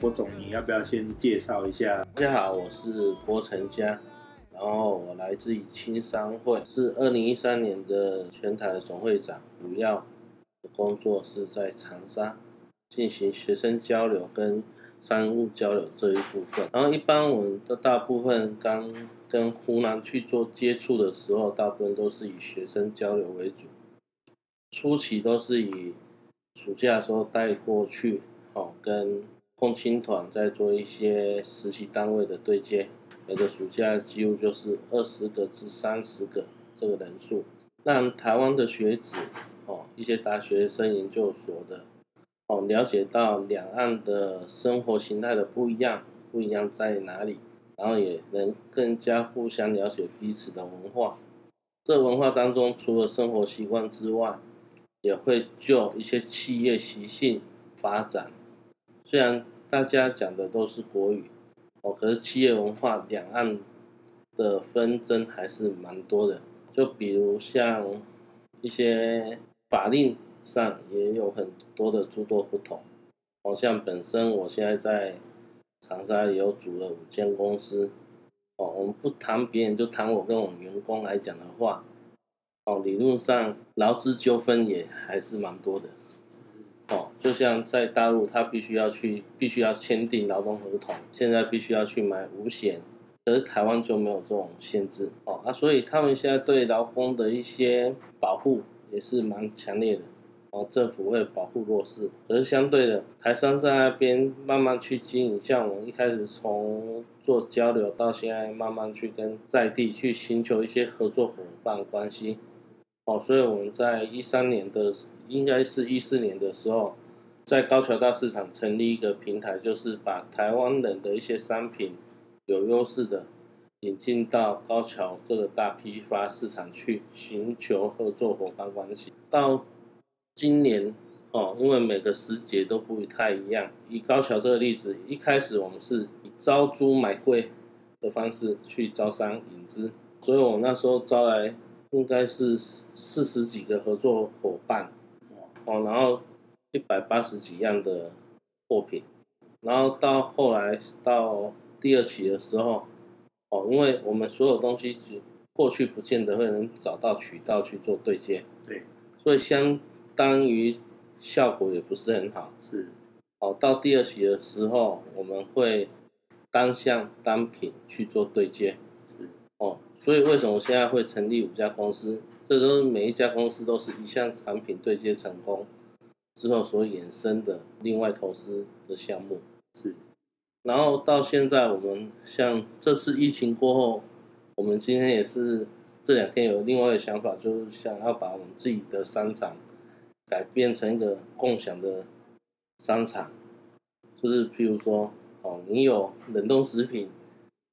郭總，你要不要先介紹一下？大家好，我是郭宸嘉，然後我來自於青商會，是二零一三年的全台的總會長。主要的工作是在長沙進行學生交流跟商務交流這一部分。然後一般我們的大部分剛跟湖南去做接觸的時候，大部分都是以學生交流為主，初期都是以暑假的時候帶過去，好、哦、跟共青團在做一些實習單位的對接，每個暑假的幾乎就是二十個至三十個這個人數，讓台灣的學子哦，一些大學生研究所的哦，了解到兩岸的生活形態的不一樣，不一樣在哪裡，然後也能更加互相了解彼此的文化。這文化當中，除了生活習慣之外，也會就一些企業習性發展。雖然大家講的都是國語，哦，可是企業文化兩岸的紛爭還是蠻多的。就比如像一些法令上也有很多的諸多不同。哦，像本身我現在在長沙也有組了五間公司，哦，我們不談別人，就談我跟我們員工來講的話，哦，理論上勞資糾紛也還是蠻多的。就像在大陸，他必須要去，必須要簽訂勞動合同，現在必須要去買五險，可是台灣就沒有這種限制哦，啊，所以他們現在對勞工的一些保護也是蠻強烈的，哦，政府會保護弱勢，可是相對的，台商在那邊慢慢去經營，像我們一開始從做交流到現在，慢慢去跟在地去尋求一些合作夥伴關係，哦，所以我們在一三年的，應該是一四年的時候，在高橋大市場成立一個平台，就是把台灣人的一些商品有優勢的引進到高橋這個大批發市場去，尋求合作夥伴關係。到今年哦，因為每個時節都不太一樣。以高橋這個例子，一開始我們是以招租買貴的方式去招商引資，所以我那時候招來應該是四十幾個合作夥伴哦，然後。百八十幾樣的貨品，然後到後來到第二期的時候，哦，因為我們所有東西過去不見得會能找到渠道去做對接，對，所以相當於效果也不是很好，是，哦，到第二期的時候我們會單項單品去做對接，是，哦，所以為什麼現在會成立五家公司？這、就、都是每一家公司都是一項產品對接成功。之後所衍生的另外投資的項目是，然後到現在我們，像這次疫情過後，我們今天也是這兩天有另外的想法，就是想要把我們自己的商場改變成一個共享的商場，就是譬如說哦，你有冷凍食品，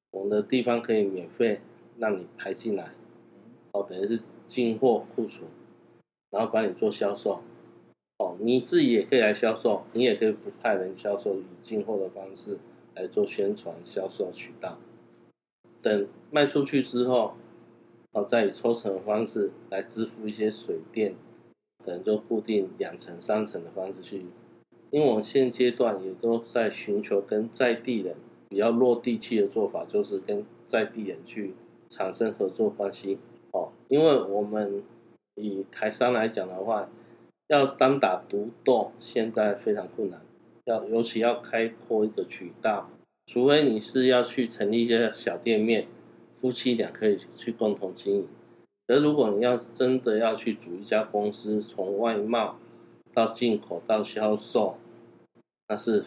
我們的地方可以免費讓你排進來，哦，等於是進貨庫存，然後幫你做銷售。哦，你自己也可以來銷售，你也可以不派人銷售，以進貨的方式來做宣傳、銷售渠道等賣出去之後，哦，再以抽成的方式來支付一些水電，可能就固定兩成、三成的方式去。因為我們現階段也都在尋求跟在地人比較落地氣的做法，就是跟在地人去產生合作關係。哦，因為我們以台商來講的話。要單打獨鬥，現在非常困難。要尤其要開闊一個渠道，除非你是要去成立一些小店面，夫妻倆可以去共同經營。而如果你要真的要去組一家公司，從外貿到進口到銷售，那是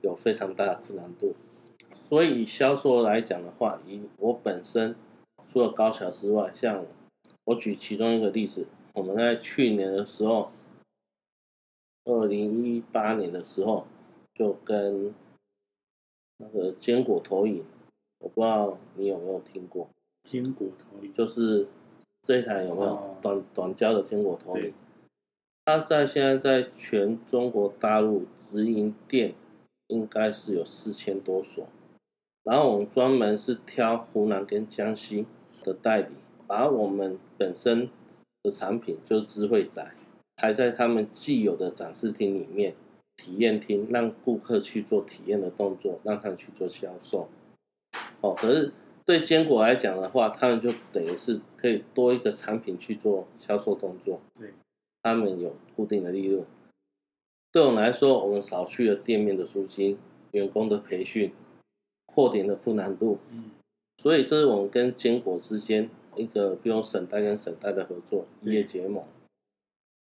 有非常大的困難度。所以以銷售來講的話，以我本身除了高橋之外，像我舉其中一個例子，我們在去年的時候。二零一八年的時候，就跟那個堅果投影，我不知道你有沒有聽過堅果投影，就是這一台有沒有短、哦、短焦的堅果投影？對它在現在在全中國大陸直營店應該是有四千多所，然後我們專門是挑湖南跟江西的代理，而我們本身的產品就是智慧宅。還在他們既有的展示廳裡面體驗廳，讓顧客去做體驗的動作，讓他們去做銷售。哦，可是對堅果來講的話，他們就等於是可以多一個產品去做銷售動作。對，他們有固定的利潤。對我們來說，我們少去了店面的租金、員工的培訓、貨點的鋪難度。嗯，所以這是我們跟堅果之間一個不用省代跟省代的合作對異業結盟。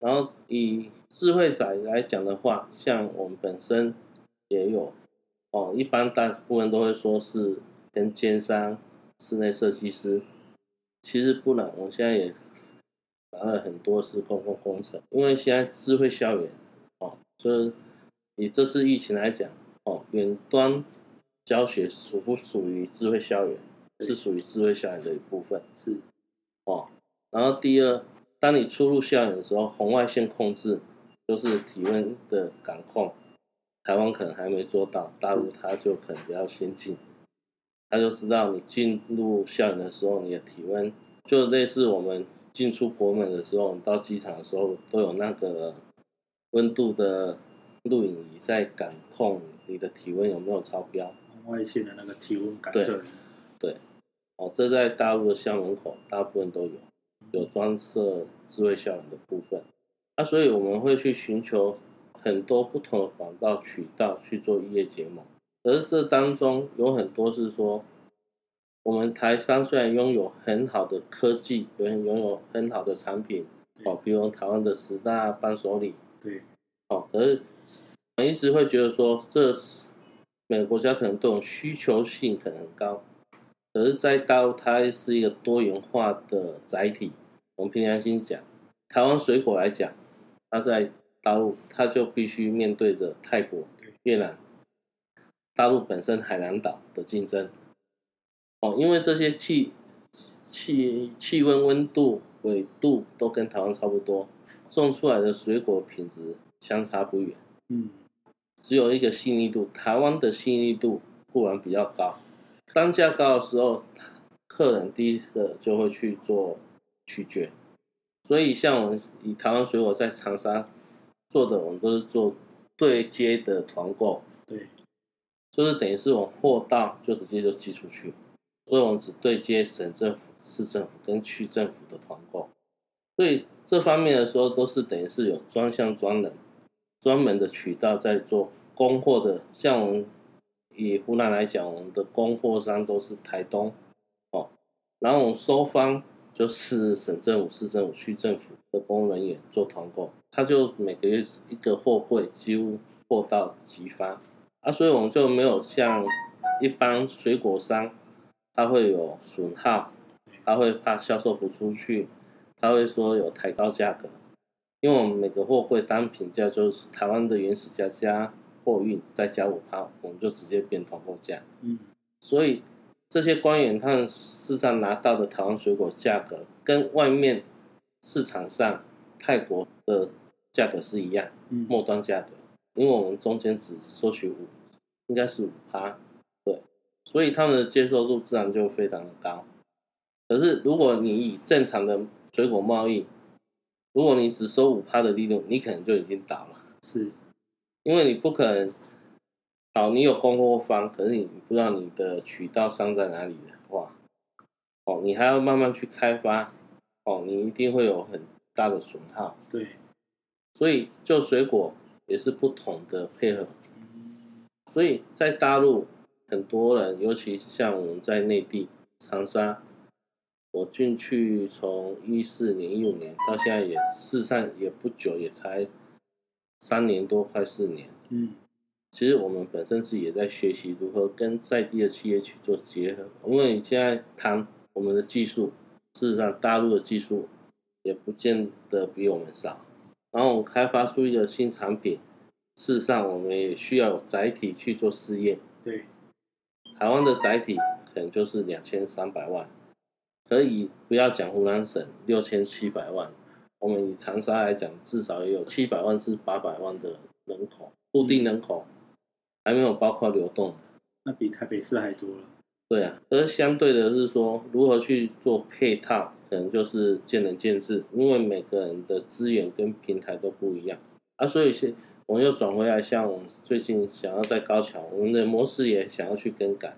然後以智慧宅來講的話，像我們本身也有哦，一般大部分都會說是跟建商、室內設計師，其實不然，我們現在也拿了很多是公共工程，因為現在智慧校園哦，就是以，以這次疫情來講哦，遠端教學屬不屬於智慧校園？是屬於智慧校園的一部分。是哦，然後第二。當你出入校園的時候，紅外線控制就是體溫的感控。台灣可能還沒做到，大陸它就可能比較先進，它就知道你進入校園的時候你的體溫，就類似我們進出國門的時候，到機場的時候都有那個溫度的錄影儀在感控你的體溫有沒有超標。紅外線的那個體溫感測。對。對。哦，這在大陸的校門口大部分都有。有專設智慧校園的部分，那、啊、所以我們會去尋求很多不同的廣告渠道，去做異業結盟，可是這當中有很多是說，我們台商雖然擁有很好的科技，有擁有很好的產品，對哦，比如說台灣的十大伴手禮，對，哦，可是我們一直會覺得說，這每個國家可能對我們需求性可能很高，可是再到它是一個多元化的載體。我們憑良心講，台灣水果來講，它在大陸，它就必須面對着泰國、越南、大陸本身海南島的競爭。哦，因為這些氣氣氣溫、溫度、緯度都跟台灣差不多，種出來的水果品質相差不遠。嗯，只有一個細膩度，台灣的細膩度固然比較高，單價高的時候，客人第一個就會去做。取決，所以像我們以台灣水果在長沙做的，我們都是做對接的團購，對，就是等於是我們貨到就直接就寄出去，所以我們只對接省政府、市政府跟區政府的團購，所以這方面的時候都是等於是有專項專人、專門的渠道在做供貨的。像我們以湖南來講，我們的供貨商都是台東哦，然後我們收方。就是省政府、市政府、區政府的工作人員做團購，他就每個月一個貨櫃，幾乎貨到即發，啊，所以我們就沒有像一般水果商，他會有損耗，他會怕銷售不出去，他會說有抬高價格，因為我們每個貨櫃單品價就是台灣的原始價加貨運再加五趴，我們就直接變團購價，嗯，所以。這些官員，他們事上拿到的台灣水果價格跟外面市場上泰國的價格是一樣，末端價格，因為我們中間只收取五，應該是五趴，對，所以他們的接受度自然就非常的高。可是如果你以正常的水果貿易，如果你只收五趴的利潤，你可能就已經倒了，是，因為你不可能。好，你有供貨方，可是你不知道你的渠道商在哪裡的話，哦，你還要慢慢去開發，哦，你一定會有很大的損耗。對，所以就水果也是不同的配合。所以在大陸很多人，尤其像我們在內地長沙，我進去從一四年、一五年到現在也事實上也不久，也才三年多快四年。嗯。其實我們本身自己也在學習如何跟在地的企業去做結合，因為你現在談我們的技術，事實上大陸的技術也不見得比我們少。然後我們開發出一個新產品，事實上我們也需要有載體去做試驗。對，台灣的載體可能就是兩千三百萬，可以不要講湖南省六千七百萬，我們以長沙來講，至少也有七百萬至八百萬的人口，固定人口。嗯還沒有包括流動，那比台北市還多了。對啊，而相對的是說，如何去做配套，可能就是見仁見智，因為每個人的資源跟平台都不一樣啊。所以是，我們又轉回來，像我們最近想要在高橋，我們的模式也想要去更改，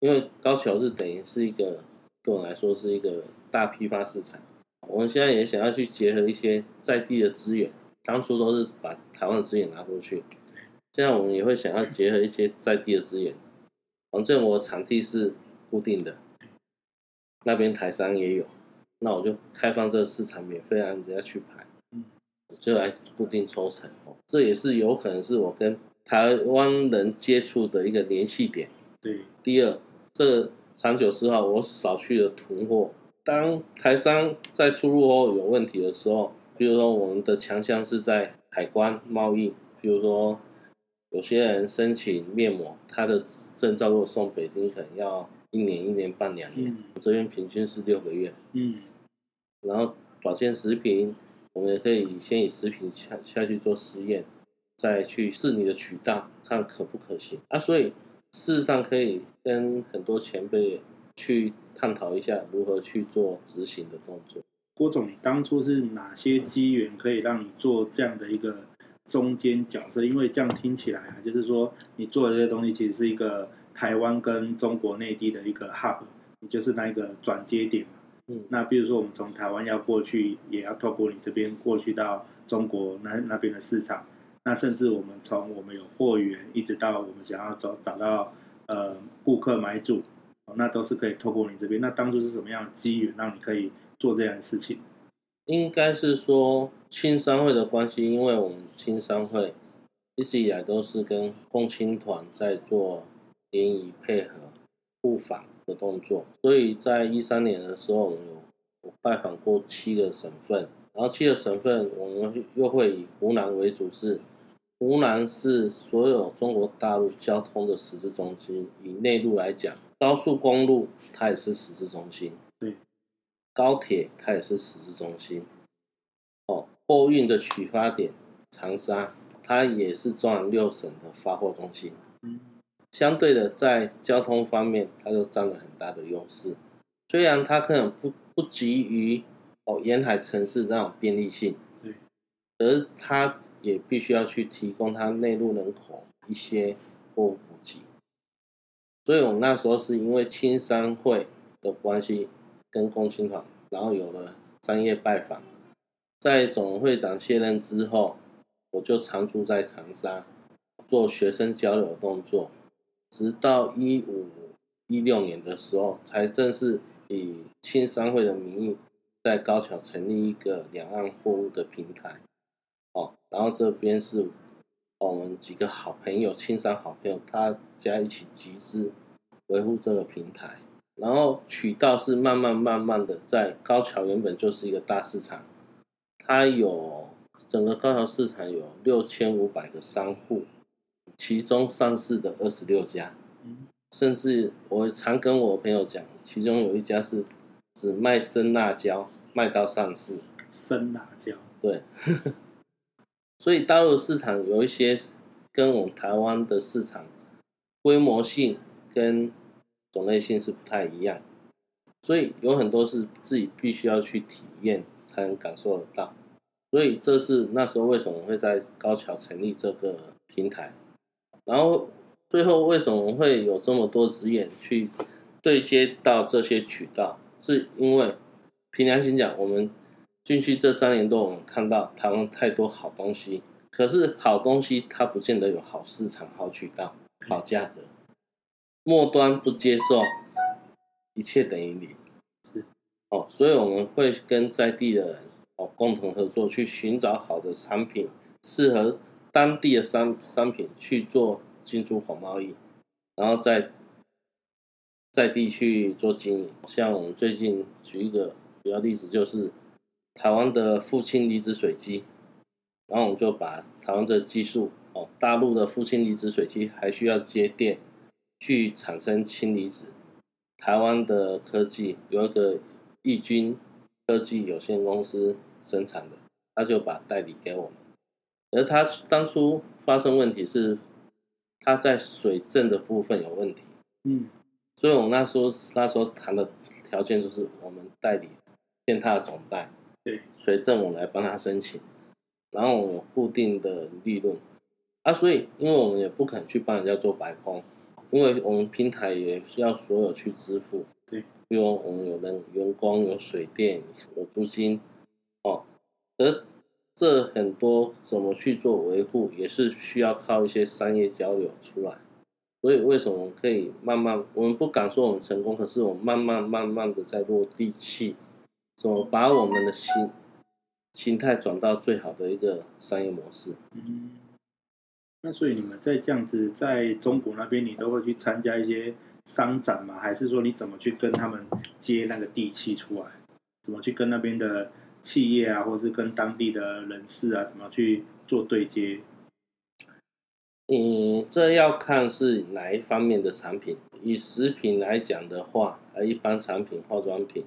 因為高橋是等於是一個，對我來說是一個大批發市場。我們現在也想要去結合一些在地的資源，當初都是把台灣的資源拿過去。現在我們也會想要結合一些在地的資源，反正我場地是固定的，那邊台商也有，那我就開放這個市場，免費讓人家去排，我就來固定抽成、哦。這也是有可能是我跟台灣人接觸的一個聯繫點。對第二，這個、長久之後我少去了囤貨，當台商在出入後有問題的時候，比如說我們的強項是在海關貿易，比如說。有些人申請面膜，他的證照如果送北京可能要一年、一年半、兩年，我這邊平均是六個月。嗯，然後保健食品，我們也可以先以食品下下去做實驗，再去試你的渠道，看可不可行啊。所以事實上可以跟很多前輩去探討一下如何去做執行的動作。郭總，你當初是哪些機緣可以讓你做這樣的一個？中間角色，因為這樣聽起來啊，就是說你做的這些東西其實是一個台灣跟中國內地的一個 hub，就是那個轉接點嘛。嗯，那比如說我們從台灣要過去，也要透過你這邊過去到中國那那邊的市場，那甚至我們從我們有貨源一直到我們想要找找到呃顧客買主，喔，那都是可以透過你這邊。那當初是什麼樣的機緣讓你可以做這樣的事情？應該是說。青商會的關係，因為我們青商會一直以來都是跟共青團在做聯誼配合、互訪的動作，所以在一三年的時候，我們有拜訪過七個省份。然後七個省份，我們又會以湖南為主是，是湖南是所有中國大陸交通的十字中心。以內陸來講，高速公路它也是十字中心，對是，高鐵它也是十字中心。貨運的取發點長沙，它也是中南六省的發貨中心。嗯，相對的，在交通方面，它就佔了很大的優勢。雖然它可能不不及於哦沿海城市的那種便利性，對，而它也必須要去提供它內陸人口一些貨物補給。所以，我們那時候是因為青商會的關係，跟共青團，然後有了商業拜訪。在總會長卸任之後，我就常住在長沙，做學生交流動作，直到一五一六年的時候，才正式以青商會的名義，在高橋成立一個兩岸貨物的平台。哦，然後這邊是我們幾個好朋友，青商好朋友，大家一起集資維護這個平台，然後渠道是慢慢慢慢的在高橋，原本就是一個大市場。它有整個高橋市場有六千五百個商戶，其中上市的二十六家，嗯，甚至我常跟我朋友講，其中有一家是只賣生辣椒，賣到上市。生辣椒，對。 所以大陸市場有一些跟我們台灣的市場規模性跟種類性是不太一樣，所以有很多是自己必須要去體驗。才能感受得到，所以這是那時候為什麼會在高橋成立這個平台，然後最後為什麼會有這麼多職業去對接到這些渠道，是因為憑良心講，我們進去這三年多，我們看到台灣太多好東西，可是好東西它不見得有好市場、好渠道、好價格，末端不接受，一切等於零。所以我們會跟在地的哦共同合作，去尋找好的產品，適合當地的商商品去做進出口貿易，然後再在，在地去做經營。像我們最近舉一個比較例子，就是台灣的富氫離子水機，然後我們就把台灣的技術哦，大陸的富氫離子水機還需要接電去產生氫離子，台灣的科技有一個。易軍科技有限公司生產的，他就把代理給我們，而他當初發生問題是他在水政的部分有問題，嗯，所以我們那時候那時候談的條件就是我們代理，變他的總代，對，水政我來幫他申請，然後我固定的利潤，啊，所以因為我們也不肯去幫人家做白工，因為我們平台也需要所有去支付。因為我們有人、員工、有水電、有租金，哦，而這很多怎麼去做維護，也是需要靠一些商業交流出來。所以為什麼我們可以慢慢，我們不敢說我們成功，可是我們慢慢慢慢的在落地氣，怎麼把我們的心心態轉到最好的一個商業模式？嗯，那所以你們在這樣子在中國那邊，你都會去參加一些？商展嘛，還是說你怎麼去跟他們接那個地氣出來？怎麼去跟那邊的企業啊，或者是跟當地的人士啊，怎麼去做對接？嗯，這要看是哪一方面的產品。以食品來講的話，呃，一般產品、化妝品，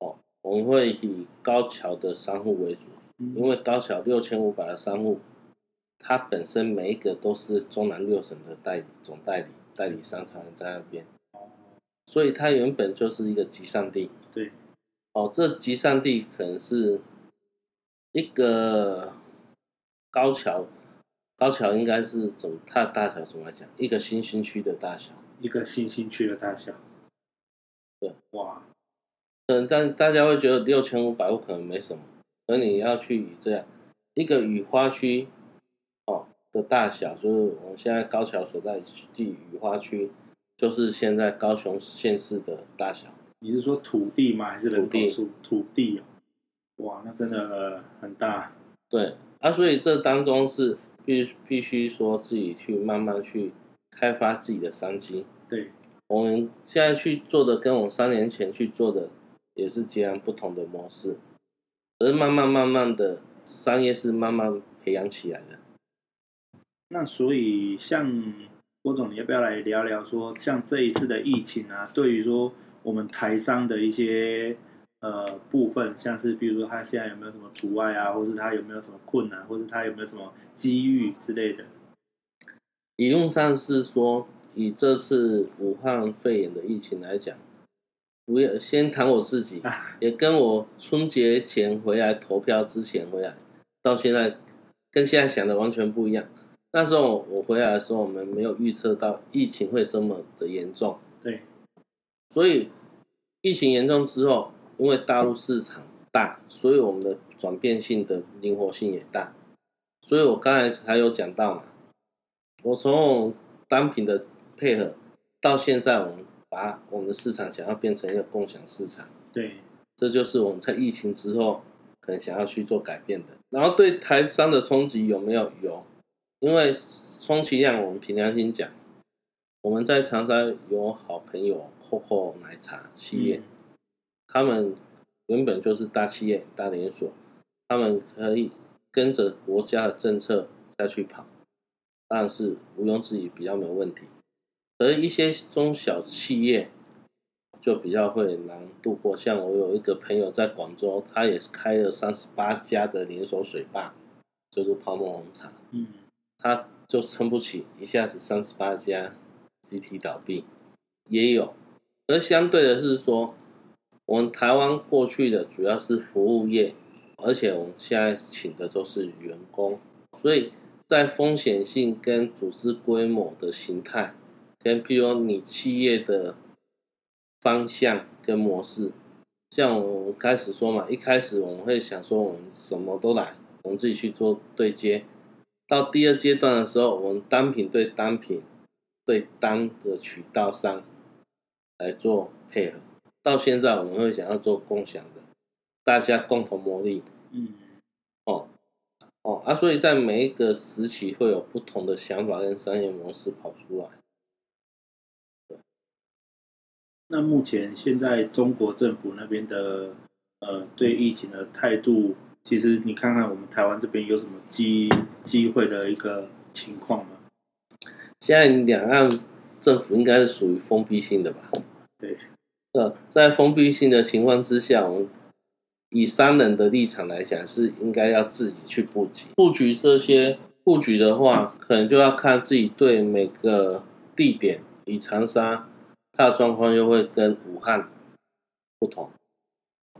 哦，我們會以高橋的商戶為主，嗯、因為高橋六千五百的商戶，它本身每一個都是中南六省的代理、總代理、代理商，常在那邊。所以它原本就是一個集散地，對。哦，這集散地可能是一個高橋，高橋應該是怎它大小怎麼來講？一個新興區的大小，一個新興區的大小。對，哇。嗯，但大家會覺得六千五百戶可能沒什麼，而你要去以這樣一個雨花區哦的大小，就是我們現在高橋所在地雨花區。就是現在高雄縣市的大小，你是說土地嗎？還是土地？土地，喔，哇，那真的很大。對啊，所以這當中是必須必須說自己去慢慢去開發自己的商機。對，我們現在去做的，跟我三年前去做的也是截然不同的模式，可是慢慢慢慢的商業是慢慢培養起來的。那所以像。郭總，你要不要來聊聊說？說像這一次的疫情啊，對於說我們台商的一些呃部分，像是比如說他現在有沒有什麼阻礙啊，或者是他有沒有什麼困難，或者是他有沒有什麼機遇之類的？理論上是說，以這次武漢肺炎的疫情來講，我也先談我自己，啊，也跟我春節前回來投票之前回來，到現在跟現在想的完全不一樣。那時候我回來的時候，我們沒有預測到疫情會這麼的嚴重。對，所以疫情嚴重之後，因為大陸市場大，所以我們的轉變性的靈活性也大。所以我剛才還有講到嘛，我從單品的配合到現在，我們把我們的市場想要變成一個共享市場。對，這就是我們在疫情之後可能想要去做改變的。然後對台商的衝擊有沒有有？因為充其量我們憑良心講，我們在長沙有好朋友 COCO 奶茶企業，嗯、他們原本就是大企業大連鎖，他們可以跟着國家的政策下去跑，但是毋庸置疑比較沒有問題。而一些中小企業就比較會難度過，像我有一個朋友在廣州，他也是開了三十八家的連鎖水吧，就是泡沫紅茶。嗯。他就撐不起，一下子三十八家集體倒閉，也有。而相對的是說，我們台灣過去的主要是服務業，而且我們現在請的都是員工，所以在風險性跟組織規模的形態，跟譬如說你企業的方向跟模式，像我們開始說嘛，一開始我們會想說我們什麼都來，我們自己去做對接。到第二階段的時候，我們單品對單品、對單個渠道商來做配合。到現在，我們會想要做共享的，大家共同磨礪。嗯哦，哦，哦啊，所以在每一個時期會有不同的想法跟商業模式跑出來。對，那目前現在中國政府那邊的呃對疫情的態度？其實你看看我們台灣這邊有什麼機機會的一個情況嗎？現在兩岸政府應該是屬於封閉性的吧？對。呃，在封閉性的情況之下，我們以商人的立場來講，是應該要自己去布局。布局這些，布局的話，可能就要看自己對每個地點，以長沙它的狀況又會跟武漢不同。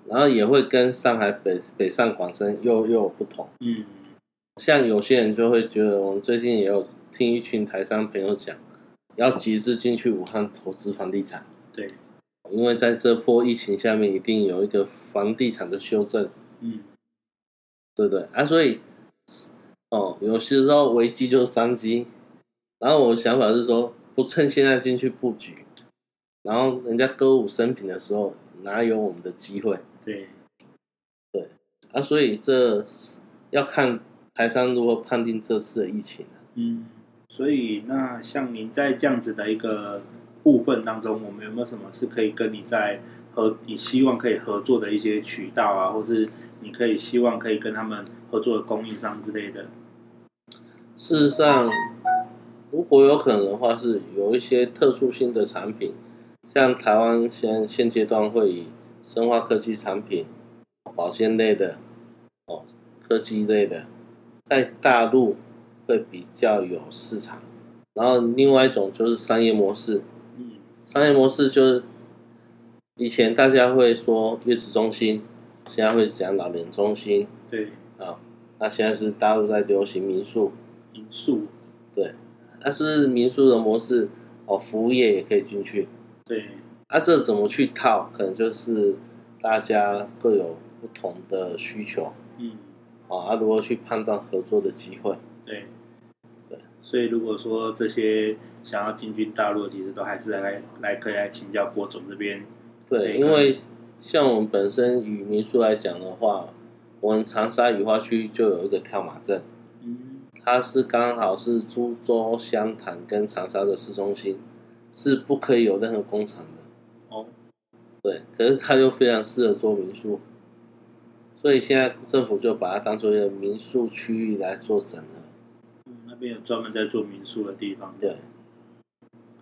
然後也會跟上海北、北北上廣深又又有不同，嗯，像有些人就會覺得，我們最近也有聽一群台商朋友講，要急着進去武漢投資房地產，對，因為在這波疫情下面，一定有一個房地產的修正，嗯，對不對啊？所以，哦，有些時候危機就是商機，然後我的想法是說，不趁現在進去布局，然後人家歌舞升平的時候，哪有我們的機會？對，對啊，所以這要看台商如何判定這次的疫情啊。嗯，所以那像您在這樣子的一個部分當中，我們有沒有什麼是可以跟你在和，你希望可以合作的一些渠道啊，或是你可以希望可以跟他們合作的供應商之類的？事實上，如果有可能的話，是有一些特殊性的產品，像台灣現現階段會生化科技產品、保健類的、哦，科技類的，在大陸會比較有市場。然後另外一種就是商業模式，嗯，商業模式就是以前大家會說月子中心，現在會講老年中心，對，啊、哦，那現在是大陸在流行民宿，民宿，對，但、啊、是，是民宿的模式，哦，服務業也可以進去，對。那、啊、這怎麼去套？可能就是大家各有不同的需求，嗯，啊，如何去判斷合作的機會，對，對，所以如果說這些想要進軍大陸，其實都還是來來可以來請教郭總這邊。對，因為像我們本身雨民宿來講的話，我們長沙雨花區就有一個跳馬鎮，嗯，它是剛好是株洲、湘潭跟長沙的市中心，是不可以有任何工廠的。對，可是它就非常適合做民宿，所以現在政府就把它當作一個民宿區域來做整合。嗯，那邊有專門在做民宿的地方。對，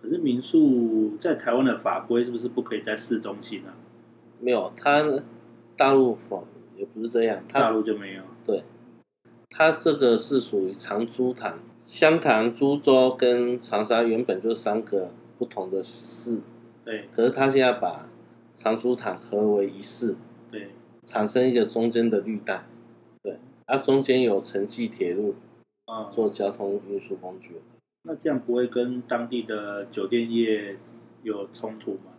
可是民宿在台灣的法規是不是不可以在市中心啊？沒有，它大陸法，哦，也不是這樣，他大陸就沒有。對，它這個是屬於長株潭、湘潭、株洲跟長沙原本就三個不同的市。對，可是他現在把。長株潭合為一市，對，產生一個中間的綠帶，對，它中間有城際鐵路，嗯、做交通運輸工具。那這樣不會跟當地的酒店業有衝突嗎？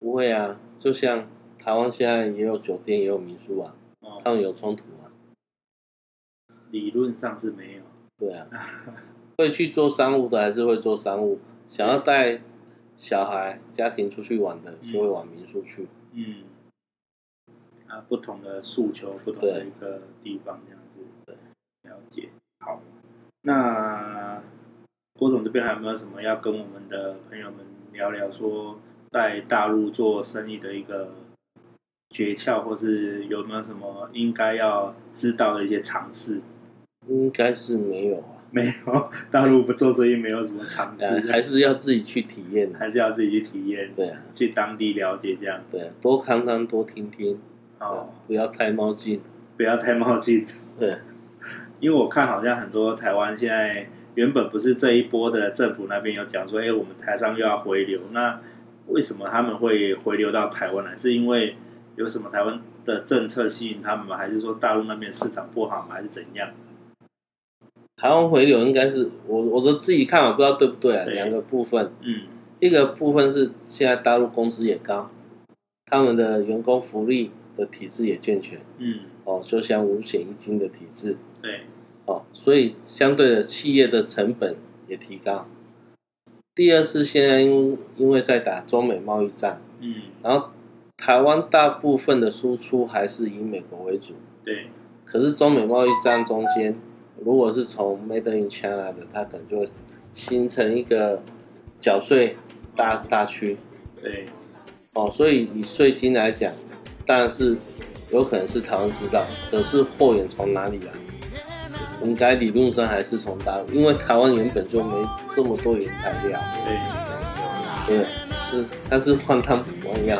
不會啊，就像台灣現在也有酒店，也有民宿啊，他們、嗯、有衝突嗎、啊？理論上是沒有。對啊， 會去做商務的還是會做商務，想要帶。小孩家庭出去玩的，嗯、就會往民宿去。嗯，啊，不同的訴求，不同的一個地方，這樣子。對，對，了解。好，那郭總這邊還有沒有什麼要跟我們的朋友們聊聊，說在大陸做生意的一個訣竅，或是有沒有什麼應該要知道的一些常識？應該是沒有啊。沒有大陸不做生意，沒有什麼嘗試，還是要自己去體驗，還是要自己去體驗，對，去當地了解這樣對，多看看，多聽聽，哦，不要太冒進，不要太冒進，對，因為我看好像很多台灣現在原本不是這一波的政府那邊有講說，哎、欸，我們台商又要回流，那為什麼他們會回流到台灣來？是因為有什麼台灣的政策吸引他們嗎？還是說大陸那邊市場不好嗎，還是怎樣？台灣回流應該是我，我都自己看，我不知道對不對啊？對，兩個部分，嗯，一個部分是現在大陸工資也高，他們的員工福利的體制也健全，嗯，哦，就像五險一金的體制，對，哦，所以相對的企業的成本也提高。第二是現在因因為在打中美貿易戰，嗯，然後台灣大部分的輸出還是以美國為主，對，可是中美貿易戰中間。如果是從 Made in China 來的，它可能就會形成一個繳稅大大區。對。哦，所以以稅金來講，當然是有可能是台灣製造，可是貨源從哪裡來，啊？對應該理論上還是從大陸，因為台灣原本就沒這麼多原材料。對。對。是，但是換湯不換藥。